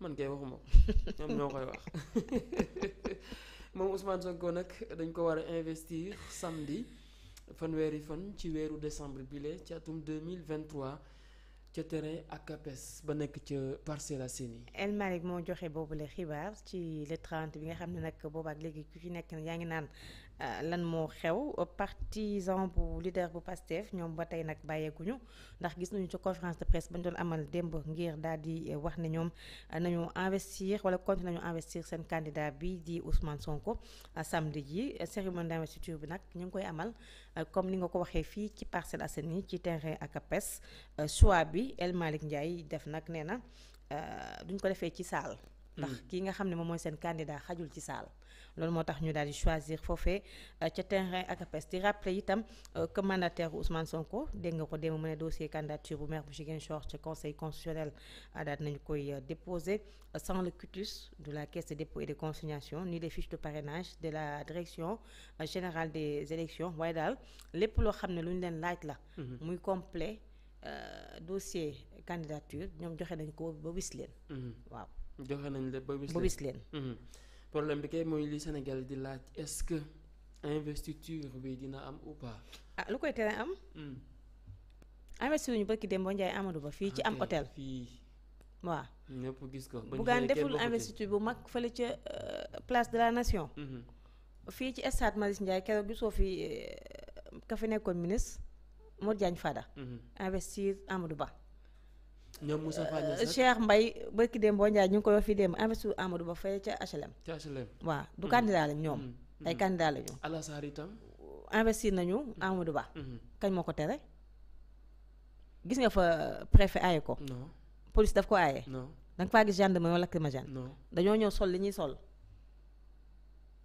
man kay waxuma ko ñoom ñoo koy wax moom Ousmane ko nag dañ ko war a investir samedi fanweeri fan ci weeru decembre bile ci atum 2023 ca terrain ak APES ba nekk ca Parcelles Assainies El Malick moo joxe boobu boobule xibaar ci le 30 bi nga xam ne nag boobaak léegi ku ci nekk yaa ngi naan Euh, lan moo xew partisan bu leader bu Pastef ñoom ba tey nag bàyyeekuñu ndax gis nañu ci conférence de presse bañ doon amal démb ngir daal di eh, wax ne ñoom eh, nañu investir wala continuer nañu investir seen candidat bi di Ousmane Sonko eh, samedi ji cérémonie d'investiture bi nag ñu ngi koy amal comme ni nga ko waxee fii ci Parcelles Assainies ci terrain pes choix bi El Malick Ndiaye def nag nee na duñ ko defee ci saal. Mm. ndax ki nga xam ne moom mooy seen candidat xajul ci saal. loolu moo tax ñu daal di choisir foofee euh, ca terrain ak APES di rappeler itam euh, que mandataire Ousmane Sonko dégg nga ko démb mu ne dossier candidature bu maire bu Ziguinchor ca conseil constitutionnel euh, daal nañu koy déposé sans le cutus de la caisse de dépôt et de consignation ni les fiches de parrainage de la direction général de élections waaye daal lépp loo xam ne lu ñu leen laaj la. Mhm. muy complet dossier candidature ñoom joxe nañ ko ba wis leen. Mhm. waaw joxe nañ leen. problème bi kay mooy li Sénégal di laaj est-ce que investiture bi dina am ou pas. ah lu koy tere am. Hmm. investir ñu bëgg dem ba Ndiaye Amadou Ba fii ci am otel ah, fii waaw. ñëpp gis ko Bougane deful investiture bu mag fële ca euh, place de la nation. Hmm. fii ci stade Marius Ndiaye keroog gisoo fi euh, ka fi nekkoon ministe Modou Diagne Fada. Hmm. investir Ba. ñoom Moussa Fall euh, Cheikh Mbaye barki dem boo Ndiaye ñu ngi koy wax fii dem investir Amadou Ba fay ca HLM. ca HLM waaw du mm. candidat lañ ñoom. Mm. Mm. ay candidat lañu. Alassar itam. investir nañu Amadou Ba. Mm-hmm. kañ moo ko tere. gis nga fa préfet aaye ko. non police daf ko aaye. non da nga faa gis gendarmerie wala lacrymogène. non dañoo ñëw sol li ñuy sol.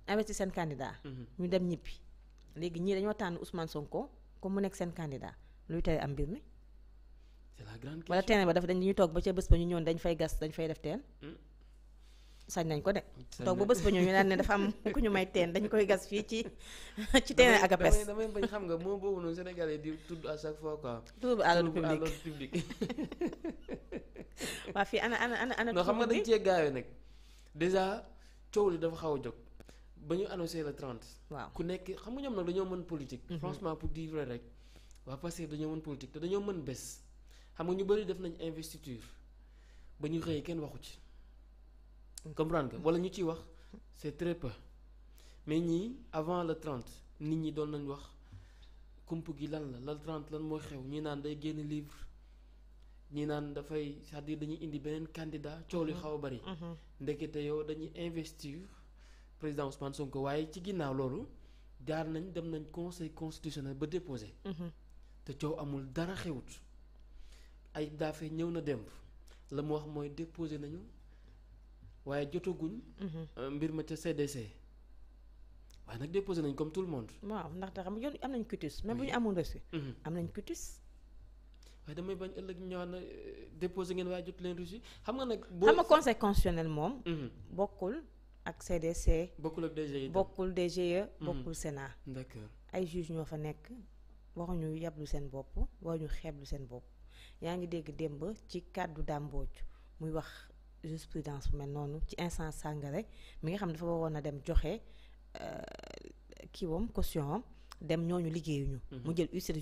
investir seen candidat. Mm-hmm. ñu dem ñibbi. léegi ñii dañoo tànn Ousmane Sonko comme mu nekk seen candidat luy tere am mbir mi. c'est la grande question wala terrain ba dafa dañ ñuy toog ba ca bés ba ñu ñëw dañ fay gas dañ fay def teen. Hmm. sañ nañ ko de. toog ba bés ba ñëw ñu daan ne dafa am ku ñu may teen dañ koy gas fii ci ci terrain Agapes. damay bañ xam nga moom boobu noonu Sénégalais di tudd à chaque fois quoi. tudd à l'ordre public tudd à l'ordre public. waa fii ana ana ana ana. non xam nga dañ cee gaawee nag déjà coow li dafa xaw a jóg. ba ñu annoncé le 30. waaw ku nekk xam nga ñoom nag dañoo mën politique. Mhm. franchement pour dire vrai rek waa Pastef dañoo mën politique te dañoo mën bés. xam nga ñu bëri def nañu investiture ba ñu xëyee kenn waxu ci comprendre nga wala ñu ciy wax c'est très peu mais ñi avant le 30 nit ñi doon nañ wax kump gi lan la la 30 lan mooy xew ñi naan day génn livre ñi naan dafay cest à dañuy indi beneen candidat coow li mm-hmm. xaw a bëri. Mm-hmm. ndekete yow dañuy investir président Ousmane Sonko waaye ci ginnaaw loolu jaar nañ dem nañ conseil constitutionnel ba déposé. Mm-hmm. te coow amul dara xewut. ay daafe ñëw na démb la mu wax mooy déposé nañu waaye jotaguñ. Mhm. Euh, mbir ma ca CDC. waaye nag déposé nañ comme tout le monde. waaw ndaxte xam nga yoon am nañ cutis même amoon mhm. am nañ cutis. waaye damay bañ ëllëg ñëwaat na euh, déposé ngeen waaye jot leen reçu xam nga nag. boo xam nga conseil moom. Mhm. bokkul ak CDC. bokkul ak DGE bokkul DGE. bokkul Sénat. d'accord ay juge ñoo fa nekk waxuñu yablu seen bopp waxuñu xeeblu seen bopp. yaa ngi dégg démb ci kàddu dàmbooj muy wax jurisprudence bu mel noonu ci instance sàngare mi nga xam ne dafa waroon a dem joxe euh, kiiwam caution am dem ñooñu liggéeyuñu. Mhm. mu jël huissier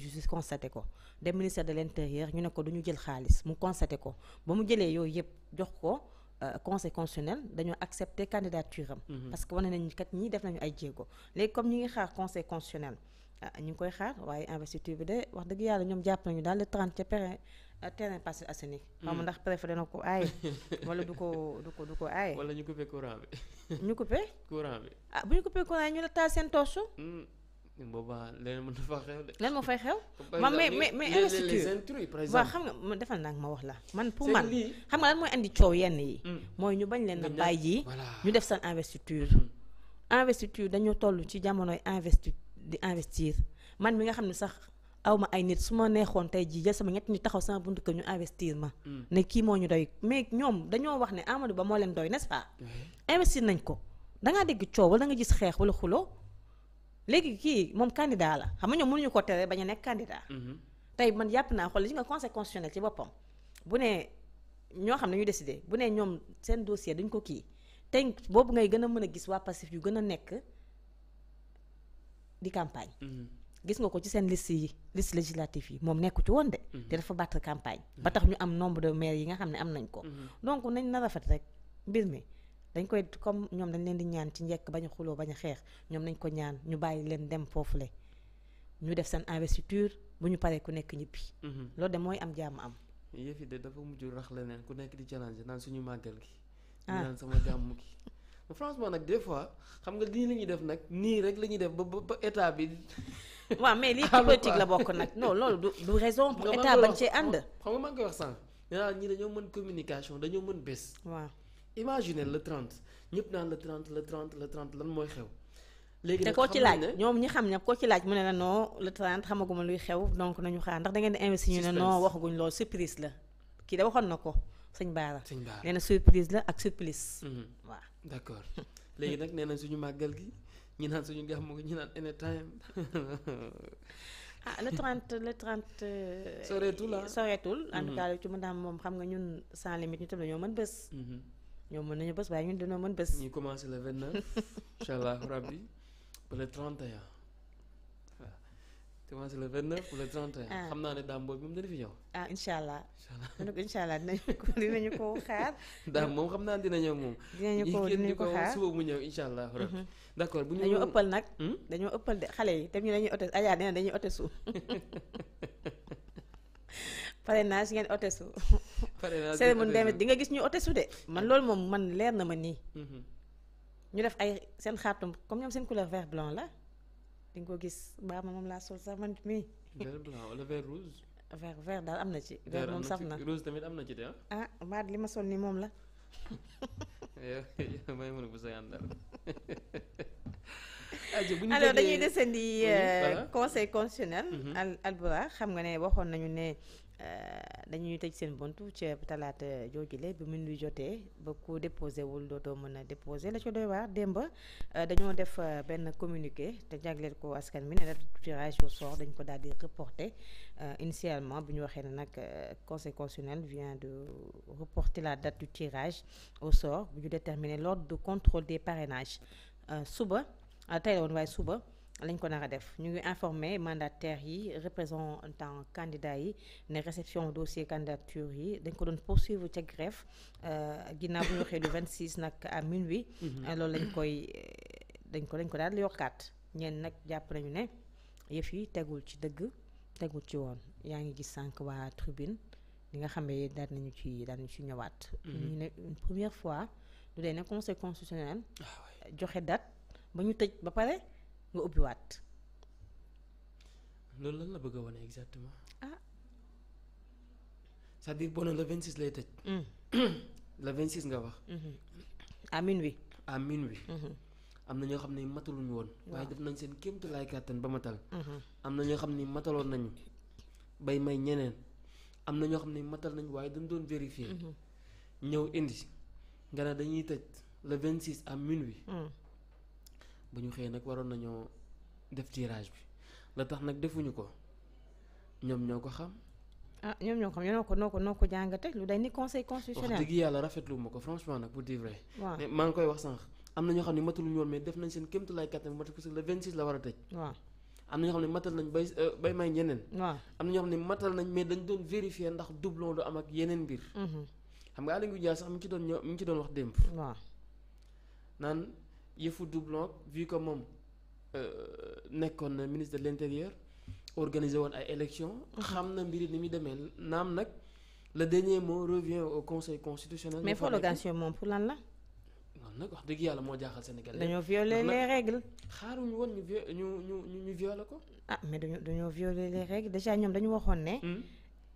de ko. dem ministère de l' intérieur ñu ne ko du ñu jël xaalis mu constaté ko ba mu jëlee yooyu yëpp jox ko euh, conseil constitutionnel dañoo accepté candidature am. Mhm. parce que wane nañu kat ñi def nañu ay jéego léegi comme ñi ngi xaar conseil constitutionnel. ah ngi koy xaar waaye investiture bi de wax dëgg yàlla ñoom jàpp nañu daal le 30 Euh, terrain Parcelles Assainies. xam hmm. ndax préfet dana ko aaye. wala du ko du ko du ko aaye. wala ñu coupé courant bi. ñu coupé. courant bi ah bu ñu coupé courant yi ñu la taal seen torche. Hmm. boobaa leneen mën na faa lan moo fay xew. ma mais mais mais investiture waaw xam nga ma defal nag ma wax la man pour man xam nga lan mooy andi coow yenn yi. Hmm. mooy ñu bañ leen a bàyyi. ñu def seen investiture. investiture dañoo toll ci jamonoy investi di investir man bi nga xam ne sax aw ma ay nit su ma neexoon tey jii jël sama ñett ñu taxaw sama buntu ko ñu investir ma. Mm. ne kii moo ñu doy mais ñoom dañoo wax ne Amadou Ba moo leen doy nest pa pas. nañ ko da ngaa dégg coow wala da nga gis xeex wala xuloo léegi kii moom candidat la xam nga ñoom mënuñu ko tere bañ a nekk candidat. Mm-hmm. tey man yàpp naa xool li nga conseil constitutionnel ci boppam bu ne ñoo xam ne ñu décidé bu ne ñoom seen dossier dañ ko kii tey boobu ngay gën a mën a gis waa yu gën a nekk di campagne. Mm-hmm. gis nga ko ci seen liste yi liste législative yi moom nekku ci woon de. Mhm. te dafa battre campagne. Mhm. ba tax ñu am nombre de maires yi nga xam ne am nañ ko. Mhm. donc nañ na rafet rek mbir mi dañ koy comme ñoom dañ leen di ñaan ci njekk bañu xuloo bañ a xeex ñoom nañ ko ñaan ñu bàyyi leen dem foofu foofule ñu def seen investiture bu ñu paree ku nekk ñibbi. loolu de mooy am jàmm am. yëf yi de dafa mujj rax leneen ku nekk di challenge naan suñu màggal gi. ah naan sama gàmm gi. franchement nag des fois xam nga nii la ñuy def nag nii rek la ñuy def ba ba état bi. waaw mais lii politique la bokk nag non loolu du du raison pour état bañ cee ànd. xam nga maa ngi koy wax sànq nee naa ñii dañoo mën communication dañoo mën bés. waaw imaginer le 30 ñëpp naan le 30 le 30 le 30 lan mooy xew. léegi nag te koo ci laaj ñoom ñi xam ne koo ci laaj mu ne la non le 30 xamaguma luy xew donc nañu xaar ndax da ngeen di investi ñu ne non waxaguñ loolu surprise la kii da waxoon na ko sëñ Baara. sëñ Baara nee na surprise d' accord léegi nag nee nañ suñu màggal gi ñu naan suñu gàmmu gi ñi naan anytime. ah le 30 le 30. Euh, soreetul ah soreetul. en tout mhm. ci mën daam moom xam nga ñun sans limite ñu tam dañoo mën bés. Mhm. ñoom mën nañu bés waaye ñun dañoo mën bés. ñu commencé le 29 incha allah rabbi ba le 31. commencé le 29 ou le 31. ah xam naa ne daam boobu moom dana fi ñëw. ah incha allah incha allah xam naa dina ñëw moom. dinañu ko dinañu ko xaar suba mu ñëw incha allah. d' dañoo ëppal nag. Hmm? dañoo ëppal de xale yi tam ñu dañuy ote Adja nee na dañuy ote su. parrainage ngeen ote su. parrainage cérémonie demit di nga gis ñu ote su de. man ah. loolu moom man leer na ma nii. Mhm. ñu def ay seen xaatum comme ñoom seen couleur vert blanc la. di nga ko gis baa ma moom laa sol sax man mii. vert blanc wala vert rouge. vert vert daal am na ci. vert moom saf na rouge tamit am na ci dem ah. ah li ma sol nii moom la. yow may mën a bu sa àndal. dañuy desandi euh, conseil constitutionnel. Mhm. al xam nga ne waxoon nañu ne. Euh, dañuy tëj seen buntu ci talaata joojule bi mun nuy jotee ba ku déposé wul dootoo mën a déposé la ci doy waar démba euh, dañoo def euh, benn communiqué te jagleel ko askan mi ne la tirage au sort dañ ko daal di reporté initialement bu ñu waxee ne nag conseil constitutionnel vient de reporter la date du tirage au sort bu ñu déterminer l'ordre de contrôle des parrainages suba tey la woon waaye suba lañ ko nar a def ñu ngi informé mandataires yi représentant candidats yi ne réception dossier candidature yi dañ ko doon poursuivre ca greffe euh, ginnaaw bu ñu waxee lu 26 nag à minuit. Mhm. Euh, loolu lañ koy dañ ko dañ ko daal yokkaat ñeen nag jàpp nañu ne yëf yi tegul ci dëgg tegul ci woon yaa ngi gis sànq waa tribune li nga xam ne nañu ci daan nañu ci ñëwaat. Mhm. ñu une première fois lu dee ne conseil constitutionnel. Ah joxe date ba ñu tëj ba pare. nga ubbiwaat. loolu lan la bëgg a wane exactement. ah. c'est-à-dire boo nee le 26 lay tëj. Mm. le 26 nga wax. Mm-hmm. à minuit. à minuit. Mm-hmm. am na ñoo xam ne mataluñu woon. waaye def nañ seen kéemtu laay kàttan ba matal. Mm-hmm. am na ñoo xam ne mataloon nañu bay may ñeneen am na ñoo xam ne matal nañu waaye dañ doon vérifier. ñëw indi nga ne dañuy tëj le 26 à minuit. Mm. ba ñu xëyee nag waroon nañoo def tirage bi la tax nag defuñu ko ñoom ñoo ko xam. ah ñoom ñoo ko xam ñoo ko noo ko noo ko jàngate lu day ni conseil constitutionnel. wax dëgg yàlla rafetlu ma ko franchement nag pour dire vrai. waaw mais maa ngi koy wax sànq am na ñoo xam ne mataluñu woon mais def nañ seen a tëj. waaw am na ñoo xam matal nañ bay euh, bay may ñeneen. waaw am na ñoo xam ne matal nañ mais dañ doon vérifier ndax doublon du am ak yeneen mbir. Mhm. xam nga Aliou Ndiaye sax mi ci doon ñëw mi ci doon wax démb. yëfu doublon vu que moom euh, nekkoon na ministre de l'intérieur organisé woon ay élection xam na mbiri ni muy demee naam nag le denier mot revient au conseil constitutionnel. mais prolongation moom pour lan la. non nag wax dëgg yàlla moo jaaxal Sénégal. dañoo violer les règles. xaaruñu woon ñu ñu ñu ñu violer ko. ah mais dañoo dañoo violer les règles déjà ñoom dañu waxoon ne. Hmm.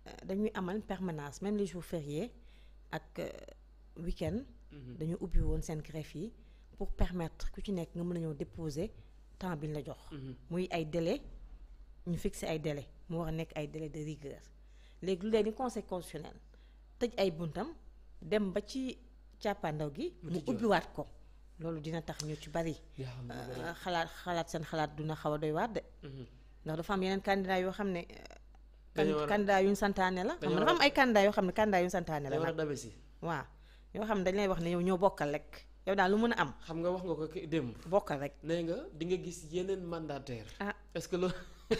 Euh, dañuy amal permanence même les jours fériés ak euh, week-end hmm. dañu ubbi woon seen greffe yi. pour permettre ku ci nekk nga mën a ñëw déposer temps bi ñu la jox. Mhm. muy ay délai ñu fixer ay délai mu wax a nekk ay délai de rigueur léegi lu leen ni conseil constitutionnel tëj ay buntam dem ba ci càppaandaw gi. mu ubbiwaat ko. loolu dina tax ñu ci bari. Euh, xalaat xalaat seen xalaat duna xaw a doy waat de. Mhm. ndax dafa am yeneen candidat yoo xam ne. Euh, dañoo candidat yu ñu santaane la. xam nga dafa am ay candidat yoo xam ne candidat yu ñu santaane la. waaw yoo xam ne dañ lay wax ne yow ñoo bokkal rek. yow daal lu mën a am. xam nga wax nga ko démb. bokkal rek nee nga nga gis yeneen mandataire. ah est-ce que loolu.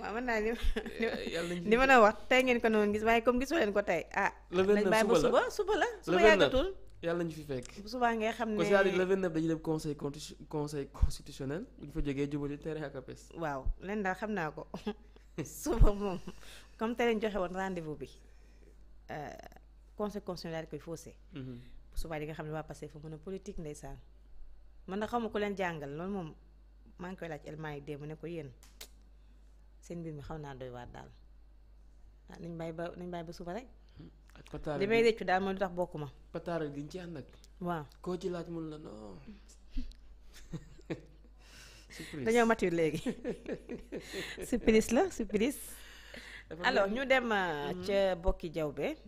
waaw man daal li ma eh, la wax tey ngeen ko noonu gis waaye comme gisoo ko tey ah. le vingt-neuf ba suba suba la suba yàggatul. ñu fi fekk. bu subaa ngay xam ne parce que c'est-à-dire le 29 dem conseil conti conseil fa jógee jubali tere ak apes. waaw leen daal xam naa ko suba moom comme te leen joxe woon rendez bi. Euh, conseil constitutionnel daal koy faussé. bu subaa xam ne waa passé fa mën a politique ndeysaan mën na xam ma ku leen jàngal loolu moom maa ngi koy laaj élément yi démb ne ko yéen seen mbir mi xam naa doy waat daal ah nañ bàyyi ba nañ bàyyi ba suba rek. Mm-hmm. ak may réccu daal mooy lu tax ma. pataar gi ñu ci waaw koo ci laaj mun la dañoo mature léegi surprise la surprise. alors ñu dem euh, mm-hmm. ca bokki jawbe